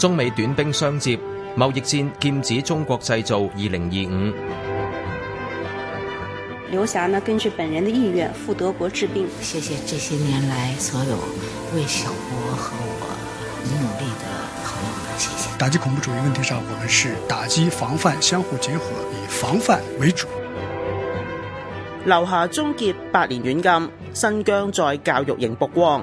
中美短兵相接，貿易戰劍指中國製造二零二五。劉霞呢？根據本人的意願赴德國治病，謝謝這些年來所有為小波和我努力的朋友們，謝謝。打擊恐怖主義問題上，我們是打擊防範相互結合，以防範為主。劉霞終結八年軟禁，新疆在教育營曝光。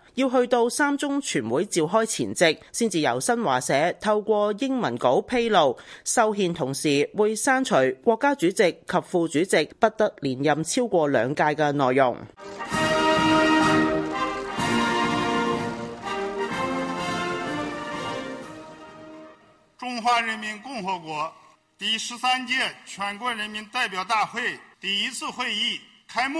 要去到三中全會召開前夕，先至由新華社透過英文稿披露，修憲同時會刪除國家主席及副主席不得連任超過兩屆嘅內容。中華人民共和國第十三屆全國人民代表大會第一次會議開幕。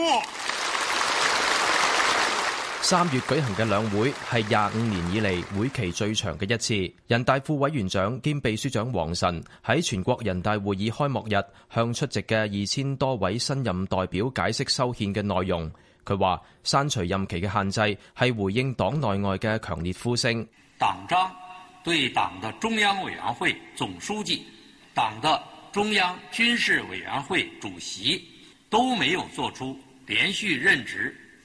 三月舉行嘅兩會係廿五年以嚟會期最長嘅一次。人大副委員長兼秘書長王晨喺全國人大會議開幕日向出席嘅二千多位新任代表解釋修憲嘅內容。佢話刪除任期嘅限制係回應黨內外嘅強烈呼聲。黨章對黨的中央委員會總書記、黨的中央軍事委員會主席都沒有作出連續任職，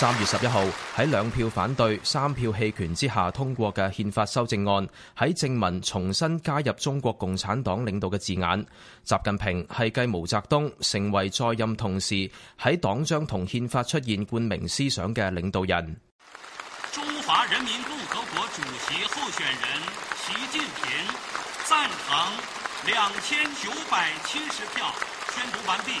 三月十一號喺兩票反對、三票棄權之下通過嘅憲法修正案，喺正文重新加入中國共產黨領導嘅字眼。習近平係繼毛澤東成為在任同時喺黨章同憲法出現冠名思想嘅領導人。中華人民共和國主席候選人習近平贊成兩千九百七十票，宣，宣讀完畢。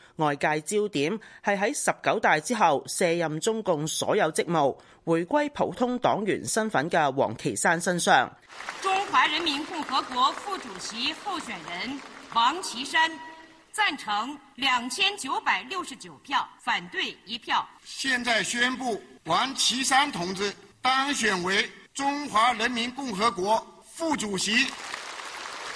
外界焦點係喺十九大之後卸任，中共所有職務、回歸普通黨員身份嘅王岐山身上。中華人民共和國副主席候選人王岐山贊成兩千九百六十九票，反對一票。現在宣布，王岐山同志當選為中華人民共和國副主席。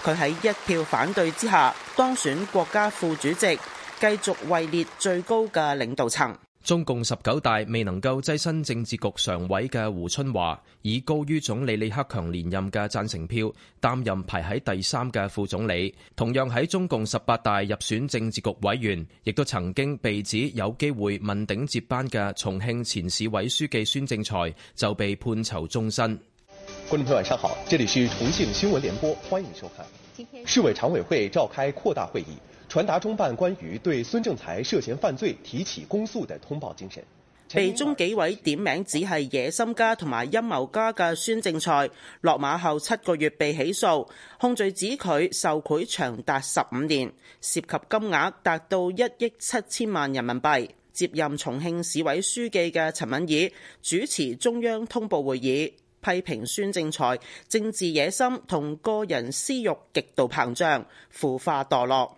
佢喺一票反對之下當選國家副主席。繼續位列最高嘅領導層。中共十九大未能夠躋身政治局常委嘅胡春華，以高於總理李克強連任嘅贊成票，擔任排喺第三嘅副總理。同樣喺中共十八大入選政治局委員，亦都曾經被指有機會問鼎接班嘅重慶前市委書記孫政才，就被判囚終身。觀眾朋友晚上好，這裡是重慶新聞聯播，歡迎收看。市委常委會召開擴大會議。傳達中辦關於對孫政才涉嫌犯罪提起公訴嘅通報精神。被中紀委點名只係野心家同埋陰謀家嘅孫政才落馬後七個月被起訴，控罪指佢受賄長達十五年，涉及金額達到一億七千萬人民幣。接任重慶市委書記嘅陳敏爾主持中央通報會議，批評孫政才政治野心同個人私慾極度膨脹，腐化墮落。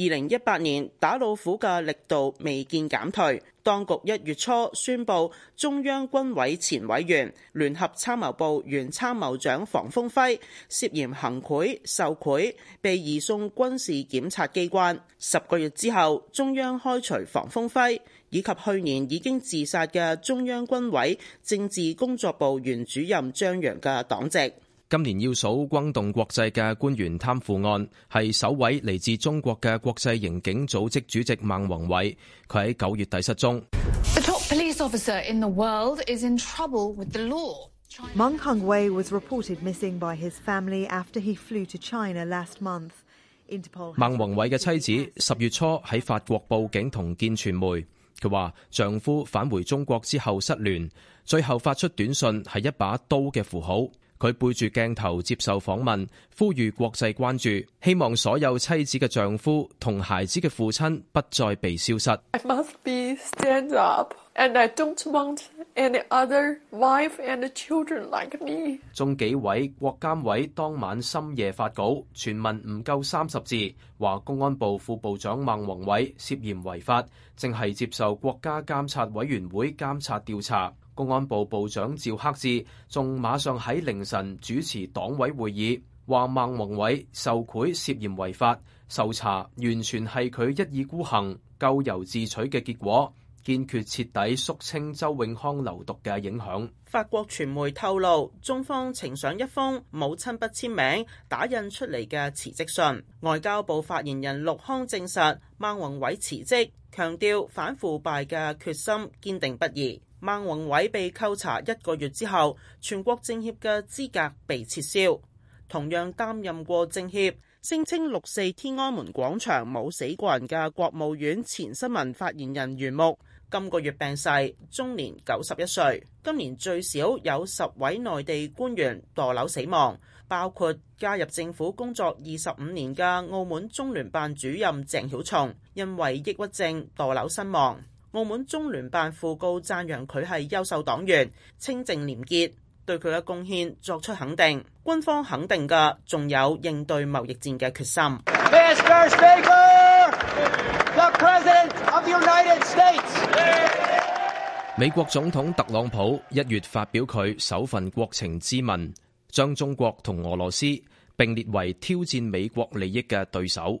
二零一八年打老虎嘅力度未見減退，當局一月初宣布，中央軍委前委員、聯合參謀部原參謀長房峰輝涉嫌行賄受賄，被移送軍事檢察機關。十個月之後，中央開除房峰輝以及去年已經自殺嘅中央軍委政治工作部原主任張陽嘅黨籍。今年要數轟動國際嘅官員貪腐案，係首位嚟自中國嘅國際刑警組織主席孟宏偉。佢喺九月底失蹤。孟宏偉嘅妻子十月初喺法國報警同見傳媒，佢話丈夫返回中國之後失聯，最後發出短信係一把刀嘅符號。佢背住鏡頭接受訪問，呼籲國際關注，希望所有妻子嘅丈夫同孩子嘅父親不再被消失。Up, like、中紀委國監委當晚深夜發稿，全文唔夠三十字，話公安部副部長孟宏偉涉嫌違法，正係接受國家監察委員會監察調查。公安部部長趙克志仲馬上喺凌晨主持黨委會議，話，孟宏偉受賄涉嫌違法，受查完全係佢一意孤行、咎由自取嘅結果，堅決徹底肅清周永康流毒嘅影響。法國傳媒透露，中方呈上一封冇親筆簽名、打印出嚟嘅辭職信。外交部發言人陸慷證實孟宏偉辭職，強調反腐敗嘅決心堅定不移。孟宏偉被扣查一個月之後，全國政協嘅資格被撤銷。同樣擔任過政協、聲稱六四天安門廣場冇死過人嘅國務院前新聞發言人袁木，今個月病逝，終年九十一歲。今年最少有十位內地官員墮樓死亡，包括加入政府工作二十五年嘅澳門中聯辦主任鄭曉松，因為抑鬱症墮樓身亡。澳門中聯辦副高讚揚佢係優秀黨員、清正廉潔，對佢嘅貢獻作出肯定。官方肯定嘅，仲有應對貿易戰嘅決心。美國總統特朗普一月發表佢首份國情咨文，將中國同俄羅斯並列為挑戰美國利益嘅對手。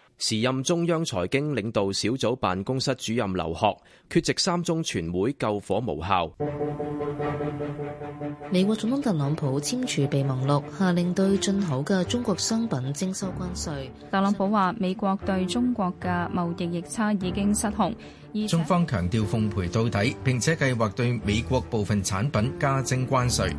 時任中央財經領導小組辦公室主任劉鶴缺席三中全會救火無效。美國總統特朗普簽署備忘錄，下令對進口嘅中國商品徵收關稅。特朗普話：美國對中國嘅貿易逆差已經失控。而中方強調奉陪到底，並且計劃對美國部分產品加徵關稅。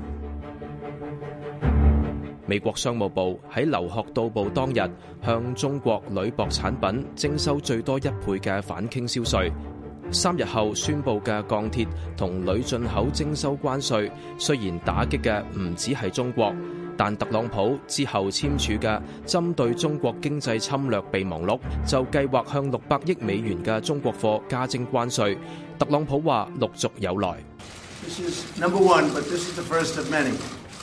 美國商務部喺留學到埗當日，向中國鋁箔產品徵收最多一倍嘅反傾銷稅。三日後宣布嘅鋼鐵同鋁進口徵收關稅，雖然打擊嘅唔止係中國，但特朗普之後簽署嘅針對中國經濟侵略備忘錄，就計劃向六百億美元嘅中國貨加徵關稅。特朗普話陸續有來。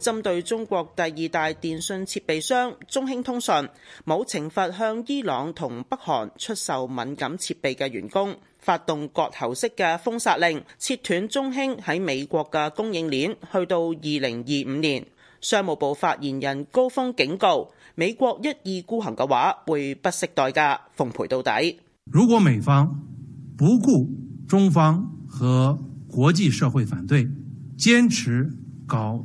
針對中國第二大電訊設備商中興通訊，冇懲罰向伊朗同北韓出售敏感設備嘅員工，發動割喉式嘅封殺令，切斷中興喺美國嘅供應鏈，去到二零二五年。商務部發言人高峰警告：美國一意孤行嘅話，會不惜代價奉陪到底。如果美方不顧中方和國際社會反對，堅持搞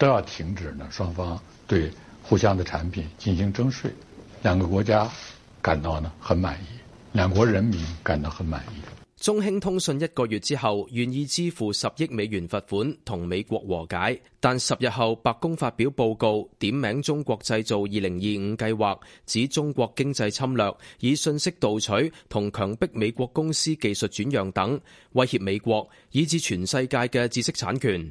都要停止呢，雙方對互相的產品進行徵稅，兩個國家感到呢很滿意，兩國人民感到很滿意。中興通訊一個月之後願意支付十億美元罰款同美國和解，但十日後白宮發表報告點名中國製造二零二五計劃，指中國經濟侵略，以信息盜取同強迫美國公司技術轉讓等威脅美國，以至全世界嘅知識產權。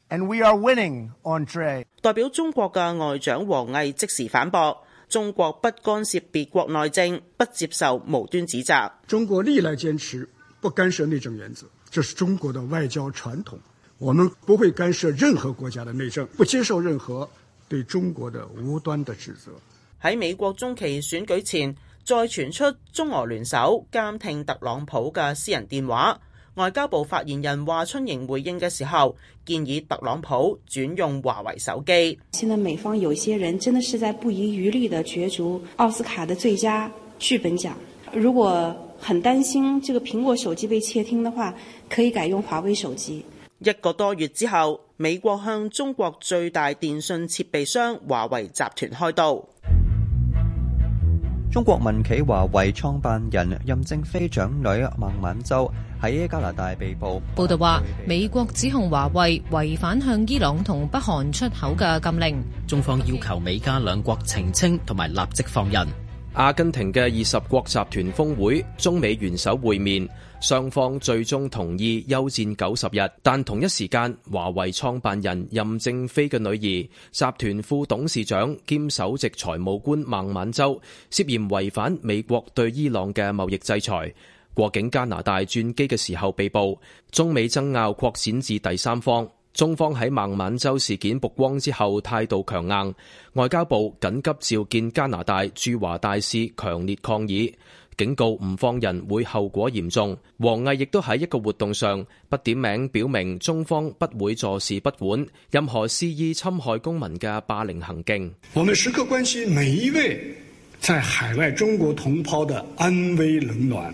代表中國嘅外長王毅即時反駁：中國不干涉別國內政，不接受無端指責。中國歷來堅持不干涉內政原則，這是中國的外交傳統。我們不會干涉任何國家的內政，不接受任何對中國的無端的指責。喺美國中期選舉前，再傳出中俄聯手監聽特朗普嘅私人電話。外交部發言人華春瑩回應嘅時候，建議特朗普轉用華為手機。現在美方有些人真的是在不遺餘力的角逐奧斯卡的最佳劇本獎。如果很擔心這個蘋果手機被竊聽的話，可以改用華為手機。一個多月之後，美國向中國最大電信設備商華為集團開刀。中國民企華為創辦人任正非長女孟晚舟。喺加拿大被捕。報道話美國指控華為違反向伊朗同北韓出口嘅禁令。中方要求美加兩國澄清同埋立即放人。阿根廷嘅二十國集團峰會，中美元首會面，雙方最終同意休戰九十日，但同一時間，華為創辦人任正非嘅女兒、集團副董事長兼首席財務官孟晚舟涉嫌違反美國對伊朗嘅貿易制裁。過境加拿大轉機嘅時候被捕，中美爭拗擴展至第三方。中方喺孟晚舟事件曝光之後態度強硬，外交部緊急召見加拿大駐華大使，強烈抗議，警告唔放人會後果嚴重。王毅亦都喺一個活動上不點名表明，中方不會坐視不管任何肆意侵害公民嘅霸凌行徑。我們時刻關心每一位在海外中國同胞的安危冷暖。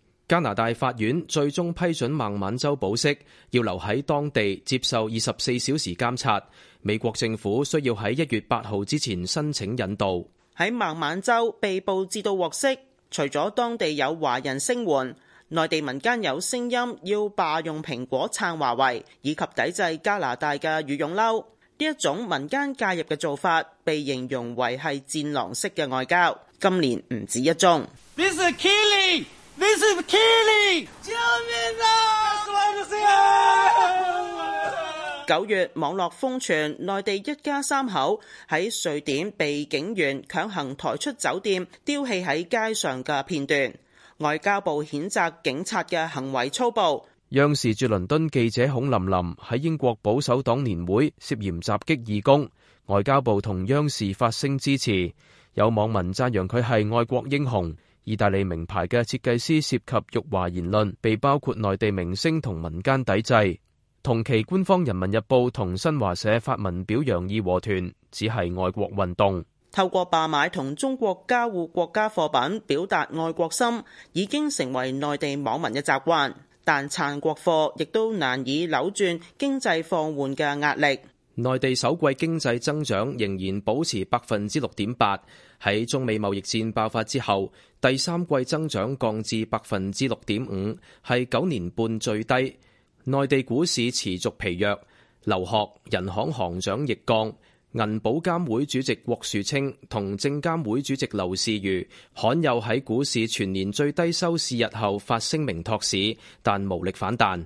加拿大法院最終批准孟晚舟保釋，要留喺當地接受二十四小時監察。美國政府需要喺一月八號之前申請引渡。喺孟晚舟被捕至到獲釋，除咗當地有華人聲援，內地民間有聲音要罷用蘋果、撐華為以及抵制加拿大嘅羽絨褸。呢一種民間介入嘅做法被形容為係戰狼式嘅外交。今年唔止一宗。你是 Killing，救命啊！救命啊！九月，網絡瘋傳內地一家三口喺瑞典被警員強行抬出酒店，丟棄喺街上嘅片段。外交部譴責警察嘅行為粗暴。央視駐倫敦記者孔琳琳喺英國保守黨年會涉嫌襲擊義工，外交部同央視發聲支持。有網民讚揚佢係愛國英雄。意大利名牌嘅設計師涉及辱華言論，被包括內地明星同民間抵制。同期，官方《人民日報》同新華社發文表揚義和團，只係外國運動。透過罷買同中國加護國家貨品，表達愛國心，已經成為內地網民嘅習慣。但撐國貨亦都難以扭轉經濟放緩嘅壓力。內地首季經濟增長仍然保持百分之六點八，喺中美貿易戰爆發之後，第三季增長降至百分之六點五，係九年半最低。內地股市持續疲弱，劉鶴、人行行長易綱，銀保監會主席郭樹清同證監會主席劉士余罕有喺股市全年最低收市日後發聲明托市，但無力反彈。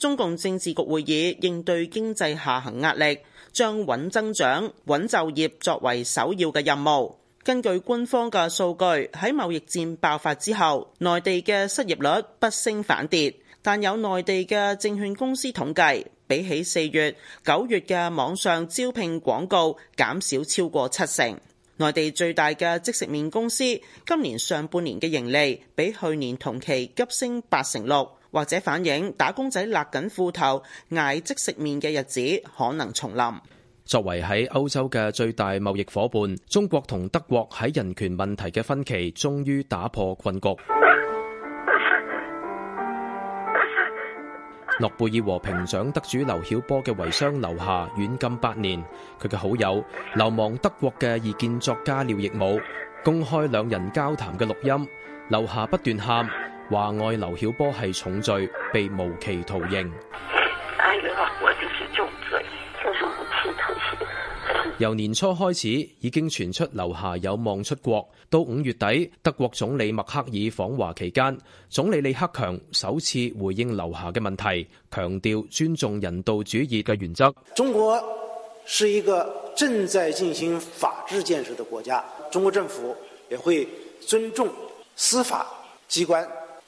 中共政治局會議應對經濟下行壓力，將穩增長穩就業作為首要嘅任務。根據官方嘅數據，喺貿易戰爆發之後，內地嘅失業率不升反跌。但有內地嘅證券公司統計，比起四月、九月嘅網上招聘廣告減少超過七成。內地最大嘅即食麵公司今年上半年嘅盈利比去年同期急升八成六。或者反映打工仔勒緊褲頭，挨即食麵嘅日子可能重臨。作為喺歐洲嘅最大貿易夥伴，中國同德國喺人權問題嘅分歧終於打破困局。諾貝爾和平獎得主劉曉波嘅遺孀劉霞軟禁八年，佢嘅好友流亡德國嘅異見作家廖亦武公開兩人交談嘅錄音，劉霞不斷喊。話外劉曉波係重罪，被無期徒刑。我話我啲是重罪，係無期徒刑。由年初開始，已經傳出劉霞有望出國。到五月底，德國總理默克爾訪華期間，總理李克強首次回應劉霞嘅問題，強調尊重人道主義嘅原則。中國是一個正在進行法治建設的國家，中國政府也會尊重司法機關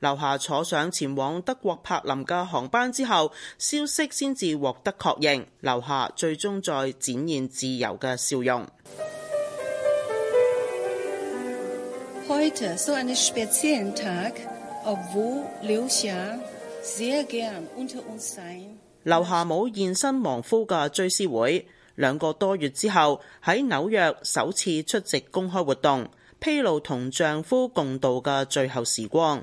劉霞坐上前往德國柏林嘅航班之後，消息先至獲得確認。劉霞最終再展現自由嘅笑容。劉夏劉霞冇現身亡夫嘅追思會，兩個多月之後，喺紐約首次出席公開活動，披露同丈夫共度嘅最後時光。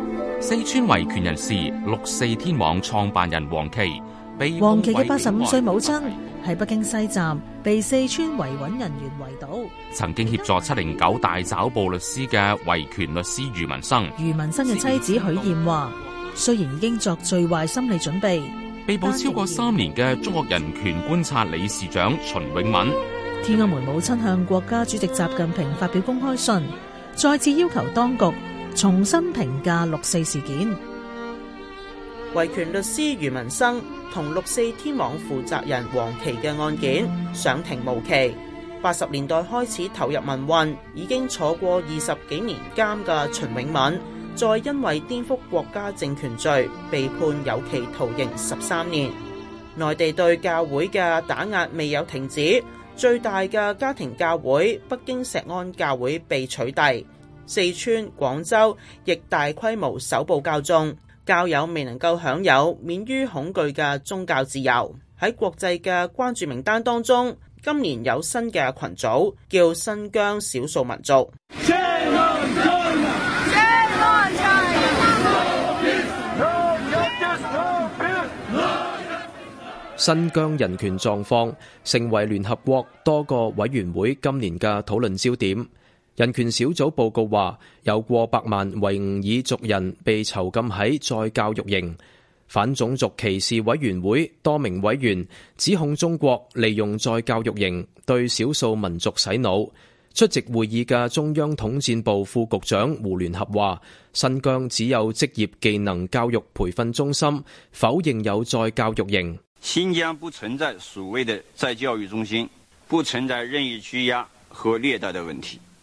四川維權人士六四天網創辦人黃琦，被黃琦嘅八十五歲母親喺北京西站被四川維穩人員圍堵。曾經協助七零九大抓捕律師嘅維權律師余文生，余文生嘅妻子許艷話：雖然已經作最壞心理準備，被捕超過三年嘅中國人權觀察理事長秦永敏，天安門母親向國家主席習近平發表公開信，再次要求當局。重新評價六四事件，維權律師余文生同六四天網負責人黃琦嘅案件上庭無期。八十年代開始投入民運，已經坐過二十幾年監嘅秦永敏，再因為顛覆國家政權罪被判有期徒刑十三年。內地對教會嘅打壓未有停止，最大嘅家庭教會北京石安教會被取締。四川、廣州亦大規模搜捕教眾，教友未能夠享有免於恐懼嘅宗教自由。喺國際嘅關注名單當中，今年有新嘅群組叫新疆少數民族。新疆人權狀況成為聯合國多個委員會今年嘅討論焦點。人權小組報告話，有過百萬維吾爾族人被囚禁喺再教育營。反種族歧視委員會多名委員指控中國利用再教育營對少數民族洗腦。出席會議嘅中央統戰部副局長胡聯合話：新疆只有職業技能教育培訓中心，否認有再教育營。新疆不存在所謂的再教育中心，不存在任意拘押和虐待的問題。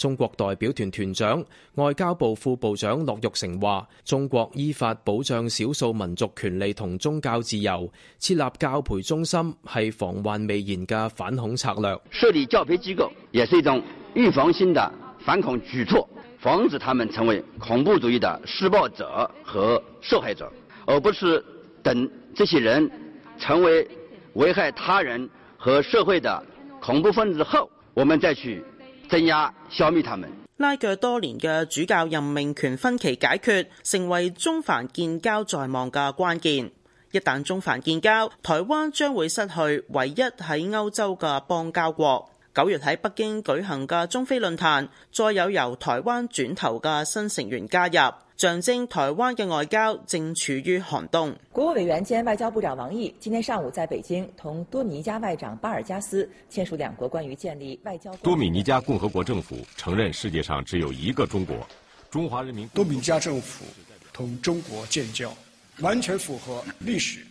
中國代表團團長、外交部副部長駱玉成話，中國依法保障少數民族權利同宗教自由，設立教培中心係防患未然嘅反恐策略。設立教培機構也是一種預防性的反恐舉措，防止他們成為恐怖主義的施暴者和受害者，而不是等這些人成為危害他人和社會的恐怖分子後，我們再去。他拉鋸多年嘅主教任命權分歧解決，成為中梵建交在望嘅關鍵。一旦中梵建交，台灣將會失去唯一喺歐洲嘅邦交國。九月喺北京舉行嘅中非論壇，再有由台灣轉頭嘅新成員加入。象徵台灣嘅外交正處於寒冬。國務委員兼外交部長王毅今天上午在北京同多米尼加外長巴爾加斯簽署兩國關於建立外交。多米尼加共和國政府承認世界上只有一個中國，中華人民。多米尼加政府同中國建交，完全符合歷史。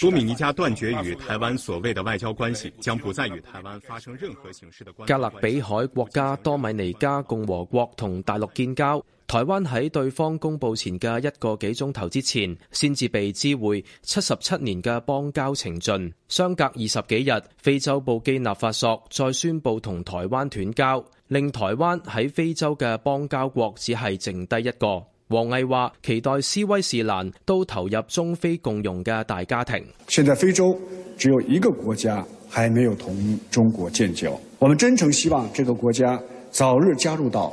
多米尼加斷絕與台灣所謂的外交關係，將不再與台灣發生任何形式的關係。加勒比海國家多米尼加共和國同大陸建交，台灣喺對方公布前嘅一個幾鐘頭之前，先至被知會七十七年嘅邦交情盡，相隔二十幾日，非洲布基納法索再宣布同台灣斷交，令台灣喺非洲嘅邦交國只係剩低一個。王毅話：期待斯威士蘭都投入中非共融嘅大家庭。現在非洲只有一個國家還沒有同中國建交，我們真誠希望這個國家早日加入到。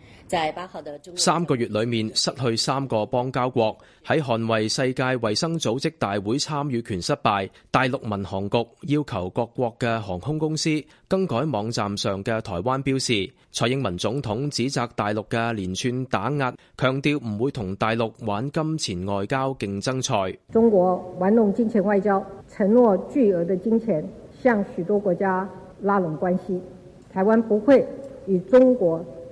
三個月裏面失去三個邦交國，喺捍衛世界衛生組織大會參與權失敗。大陸民航局要求各國嘅航空公司更改網站上嘅台灣標示。蔡英文總統指責大陸嘅連串打壓，強調唔會同大陸玩金錢外交競爭賽。中國玩弄金錢外交，承諾巨額的金錢向許多國家拉攏關係。台灣不會與中國。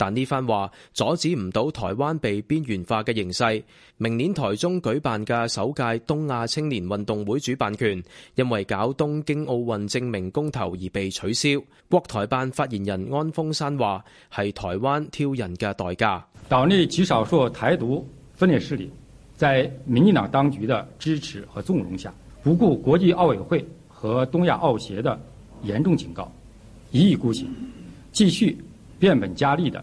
但呢番話阻止唔到台灣被邊緣化嘅形勢。明年台中舉辦嘅首屆東亞青年運動會主辦權，因為搞東京奧運正名公投而被取消。國台辦發言人安峰山話：係台灣挑人嘅代價。島內極少數台獨分裂勢力，在民進黨當局的支持和縱容下，不顧國際奧委會和東亞奧協的嚴重警告，一意孤行，繼續變本加厲的。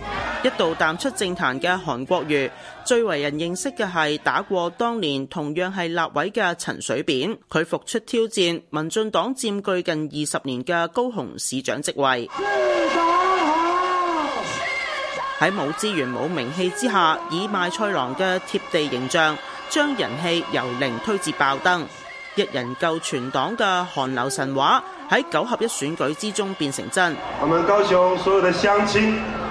一度淡出政壇嘅韓國瑜，最為人認識嘅係打過當年同樣係立委嘅陳水扁。佢復出挑戰民進黨佔據近二十年嘅高雄市長職位，喺冇資源冇名氣之下，以賣菜郎嘅貼地形象，將人氣由零推至爆燈，一人救全黨嘅韓流神話喺九合一選舉之中變成真。我們高雄所有的鄉親。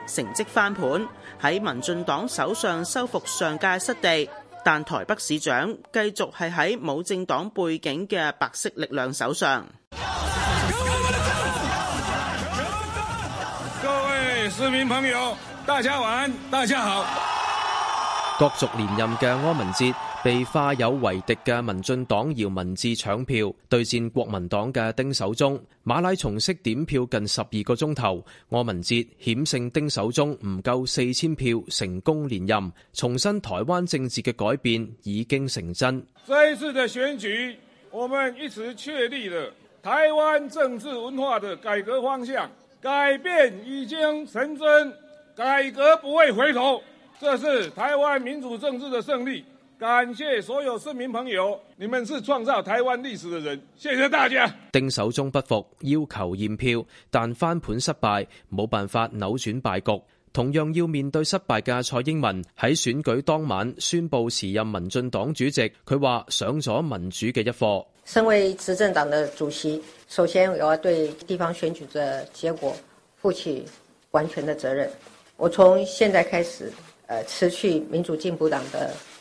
成績翻盤，喺民進黨手上收復上屆失地，但台北市長繼續係喺冇政黨背景嘅白色力量手上。各位市民朋友，大家晚安，大家好。角逐連任嘅柯文哲。被化友為敵嘅民進黨姚文智搶票對戰國民黨嘅丁守中，馬拉松式點票近十二個鐘頭，柯文哲險勝丁守中，唔夠四千票成功連任，重申台灣政治嘅改變已經成真。這一次嘅選舉，我們一直確立了台灣政治文化的改革方向，改變已經成真，改革不會回頭，這是台灣民主政治嘅勝利。感謝所有市民朋友，你們是創造台灣歷史的人，謝謝大家。丁守中不服，要求驗票，但翻盤失敗，冇辦法扭轉敗局。同樣要面對失敗嘅蔡英文喺選舉當晚宣布辭任民進黨主席，佢話上咗民主嘅一課。身為執政黨的主席，首先我要對地方選舉嘅結果負起完全的責任。我從現在開始，呃辭去民主進步黨的。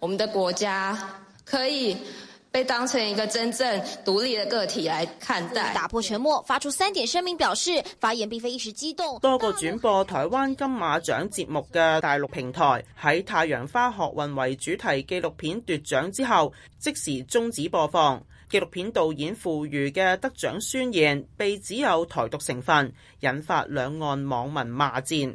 我們的國家可以被當成一個真正獨立的個體來看待。打破沉默，發出三點聲明，表示發言並非一時激動。多個轉播台灣金馬獎節目嘅大陸平台，喺《太陽花學運》為主題紀錄片奪獎之後，即時終止播放。紀錄片導演傅榆嘅得獎宣言被指有台獨成分，引發兩岸網民罵戰。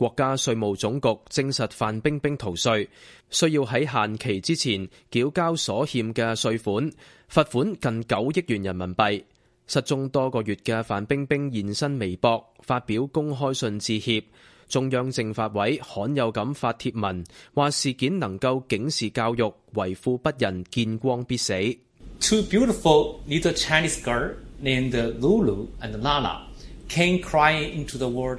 國家稅務總局證實范冰冰逃稅，需要喺限期之前繳交所欠嘅稅款罰款近九億元人民幣。失蹤多個月嘅范冰冰現身微博，發表公開信致歉。中央政法委罕有咁發帖文，話事件能夠警示教育，為富不仁，見光必死。Two beautiful little Chinese girls named Lulu and Nana came crying into the world.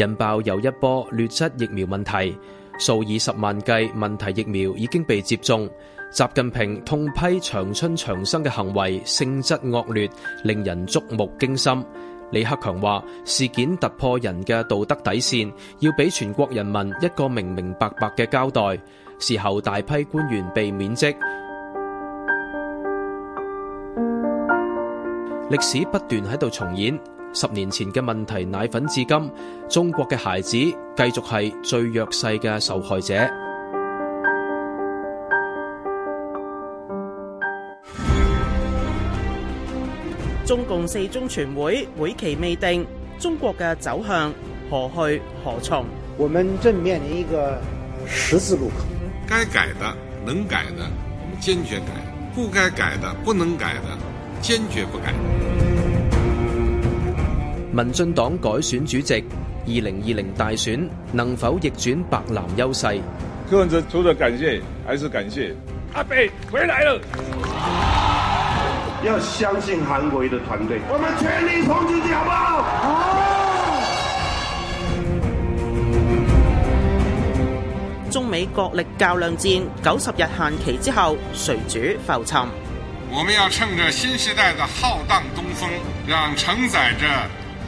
引爆又一波劣質疫苗問題，數以十萬計問題疫苗已經被接種。習近平痛批長春長生嘅行為性質惡劣，令人觸目驚心。李克強話，事件突破人嘅道德底線，要俾全國人民一個明明白白嘅交代。事後大批官員被免職，歷史不斷喺度重演。十年前嘅問題奶粉至今，中國嘅孩子繼續係最弱勢嘅受害者。中共四中全會會期未定，中國嘅走向何去何從？我們正面臨一個十字路口，該改的能改的，我們堅決改；不該改的不能改的，堅決不改。民進黨改選主席，二零二零大選能否逆轉白藍優勢？今日除了感謝，還是感謝阿伯回來了。要相信韓國瑜的團隊，我們全力衝進去，好不好，好？中美國力較量戰九十日限期之後，誰主浮沉？我們要趁着新時代的浩蕩東風，讓承載着。